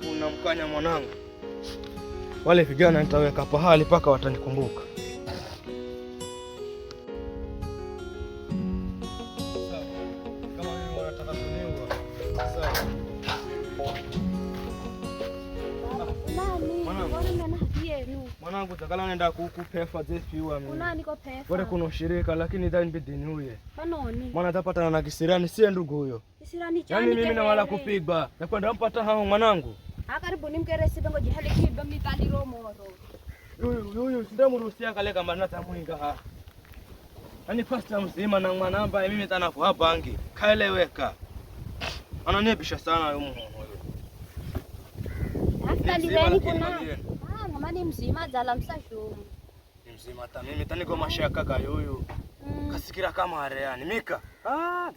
sababu unamkanya mwanangu, wale vijana nitaweka pahali mpaka watanikumbuka. Mwanangu takala nenda kukupefa zefiwamwere kuna shirika lakini dambidiniuye mwana tapatana na kisirani siye ndugu huyo, yani yaani mimi nawala kupigwa nakwenda mpata hao mwanangu akaribu nimkeresivongo jihali kiba mikaliro moro yuyu yuyu sindamurusia kaleka manata mwinga ha ani pasta mzima na mwana ambaye mimi tanafu bangi kaeleweka ananiebisha sana yo mhono yo mzima ah, zala msashu mzima ta mimi taniko mashaka yuyu mm. kasikira kama areani mika Ah,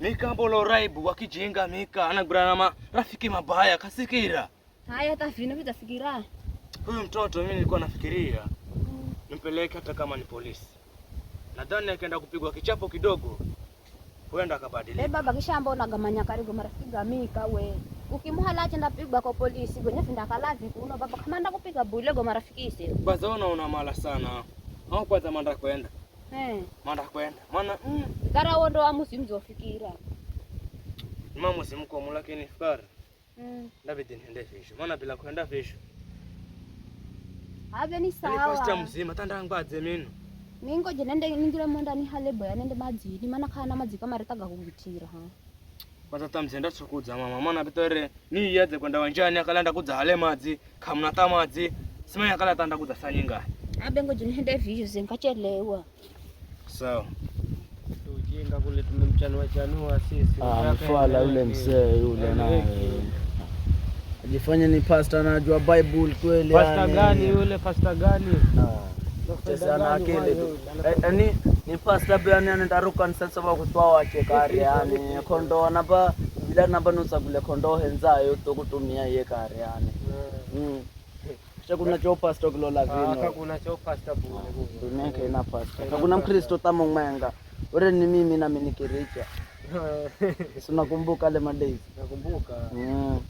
mika mbolo raibu wakijinga mika anagurana ma rafiki mabaya kasikira haya tafina vitafikira huyu mtoto mimi nilikuwa nafikiria mm. nimpeleke hata kama ni polisi nadhani akaenda kupigwa kichapo kidogo huenda akabadilika. eh baba kisha ambao unagamanya karibu marafiki mika we acha ndapigwa kwa polisi gonya finda kalazi kuno baba kama ndakupiga bulego marafiki ise bazaona una mala sana au kwa manda kwenda Eh. Manda kwenda. Maana mm, gara huo ndo amusi mzofikira. Mama simko mulake ni fikara. Mm. David niende fisho. Maana bila kwenda fisho. Ave ni sawa. Ni posta mzima tanda ngbaze mino. Ningo je ningire monda ni halebo ya nende maji. Ni maana kana maji kama retaga kugutira ha. Kwanza tamzenda tsukudza mama. Maana bitore ni yaze kwenda wanjani akalanda kudza hale maji. Kamna tamaji. Sima yakala tanda kudza sanyinga. Abengo je fisho zinkachelewa sawa. Tujinga kule tumemchanua chanua sisi. Ah, mfala yule mzee yule naye ajifanya ni pasta, anajua Bible kweli. Pasta gani yule? Pasta gani? Ah. Chezana akili tu. Yaani ni pasta ni sasa wa ba kutwawa chekari yani kondoa naba bila naba kule kondo henzayo to kutumia ye kari yani. Eh. Mm chakuna chopasta kulola vinodumeke ina pasta kakuna mkristo tama mwenga ore ni mimi nami nikiricha sinakumbuka le madays mm.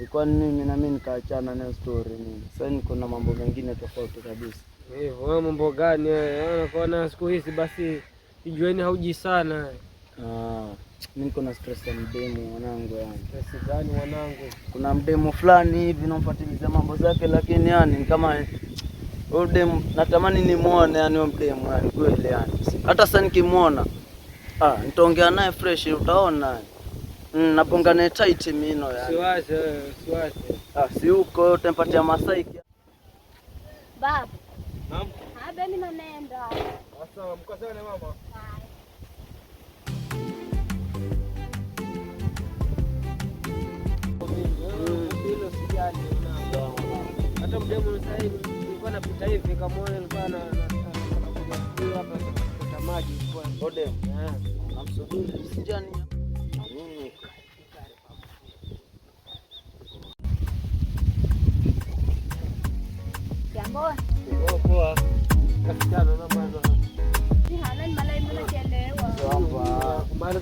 ikuwa ni mimi mimi nikaachana na story mimi sasa niko na mambo mengine tofauti kabisa hivyo mambo gani unakuona siku hizi basi ijueni hauji sana ah Niko na stress ya mdemu wanangu, yani stress gani wanangu? Kuna mdemu fulani hivi namfuatilia mambo zake, lakini yani kama huyo mdemu natamani nimuone, yani huyo mdemu yani kweli, yani hata sasa nikimuona, ah, nitaongea naye fresh, utaona mm, naponga napongane tight mino yani, siwaze siwaze, ah, si huko utampatia masai baba. Naam, ah, mimi naenda sasa, mkazane mama nilikuwa napita hivi nikamwona, nilikuwa na hapa maji, namsubiri msijani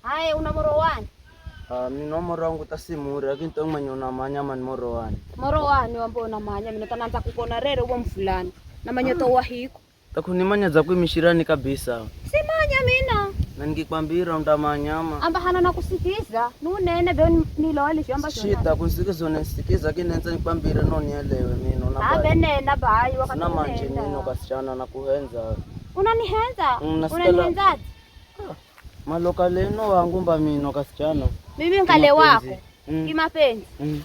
Haya, una moro wani? Ah, mimi no moro wangu tasimuri lakini tangu mwenye unamanya mani moro wani. Moro wani wambo unamanya mimi natanza kukona rere uwa mfulani. Na manya to wahiko. manya za mishirani kabisa. Si manya mina. Na nikikwambira ndamanyama. Amba hana na nakusikiza. Nunene byo nilowalisho amba shona. Shita kunsikiza unasikiza lakini nenza nikwambire no nielewe mimi na. Ah, bene na bai wakati. Sina manji nino kasichana na kuhenza. Unanihenza? Mm, Unanihenzaje? maloka leno wangumba mino kasichana mimi nkale wako mm. kimapenzi mm.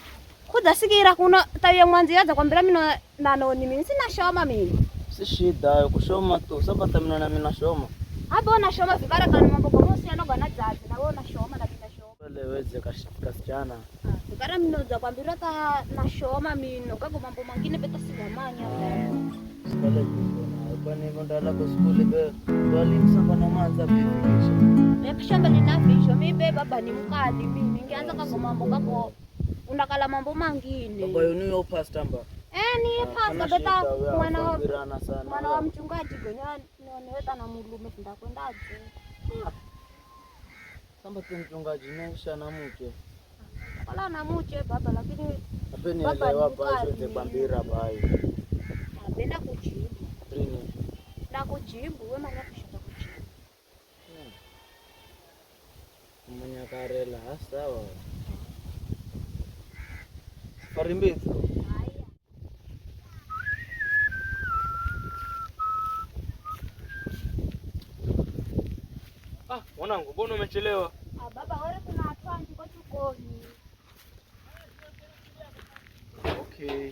kudasikira kuno tawiya mwanziyaza kwambira mino nanoni mini sinashoma mino si shida kushoma tu sabata mino shoma nashoma na shoma ah, vibara kana mambo na yanoganadzazi nawe nashoma nami nashoma leweze kasichana vigara mino dzakwambira ta shoma mino kako mambo mangine petasigwamanya banivondalako skuli walimsambanamanza vifikisha ekishamba mi be baba ni mkali mi ngianza kako mambo kako unakala mambo mangine pasta niyo eh ni ah, pasta beta mwana wa mchungaji kwenyoniweta na mulu mulume ndakwendaje ah. samba tu mchungaji naisha na muke wala na muke baba lakini apenielewa bazote bambira bayo napenda ku kuchimbu manyakushinda kuchimbu manyakarela hmm. sawa safari mbili ah, Mwanangu, mbona umechelewa? Ah, baba wewe kuna watu wangu kwa tukoni. Okay.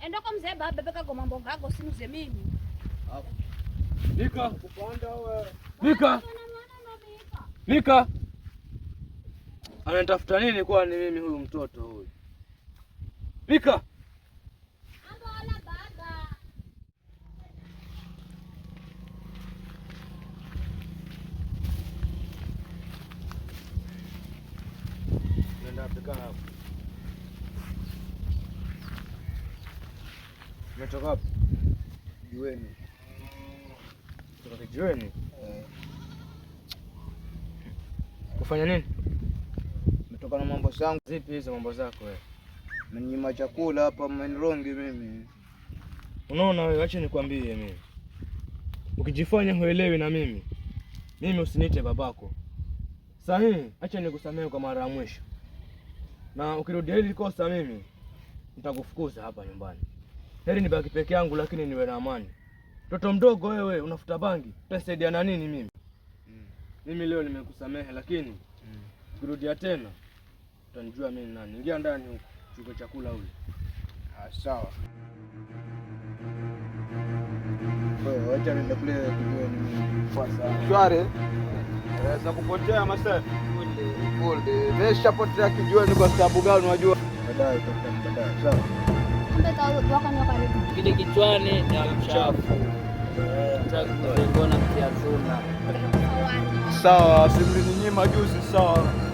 endoko mzee baba bekako mambo si mzee mimi Mika Mika Mika anatafuta nini? Kwa ni mimi huyu mtoto huyu Mika Nenda apika hapo. Umetoka wapi? Jueni. Kufanya nini? Umetoka na mambo zangu zipi hizo mambo zako wewe? Mnyima chakula hapa mmenirongi mimi. Unaona wewe, acha nikwambie mimi. Ukijifanya huelewi na mimi. Mimi usiniite babako. Sahihi, acha nikusamehe kwa mara ya mwisho. Na ukirudia hili kosa mimi nitakufukuza hapa nyumbani heri nibaki peke yangu, lakini niwe na amani. Mtoto mdogo wewe, unafuta bangi, utasaidia na nini mimi? mm. mimi leo nimekusamehe, lakini mm. mm. tena utanijua mimi nani. Ingia ndani huko chukua chakula ule. Ah, sawa. Wacha nenda kule shwari, Naweza kupotea masaa meshapotea, kijua ni kwa sababu gani? Unajua baadaye, baadaye. Sawa ng'ombe wakanywa karibu kile kichwani na mchafu ngona kiazuna sawa simlininyima juzi sawa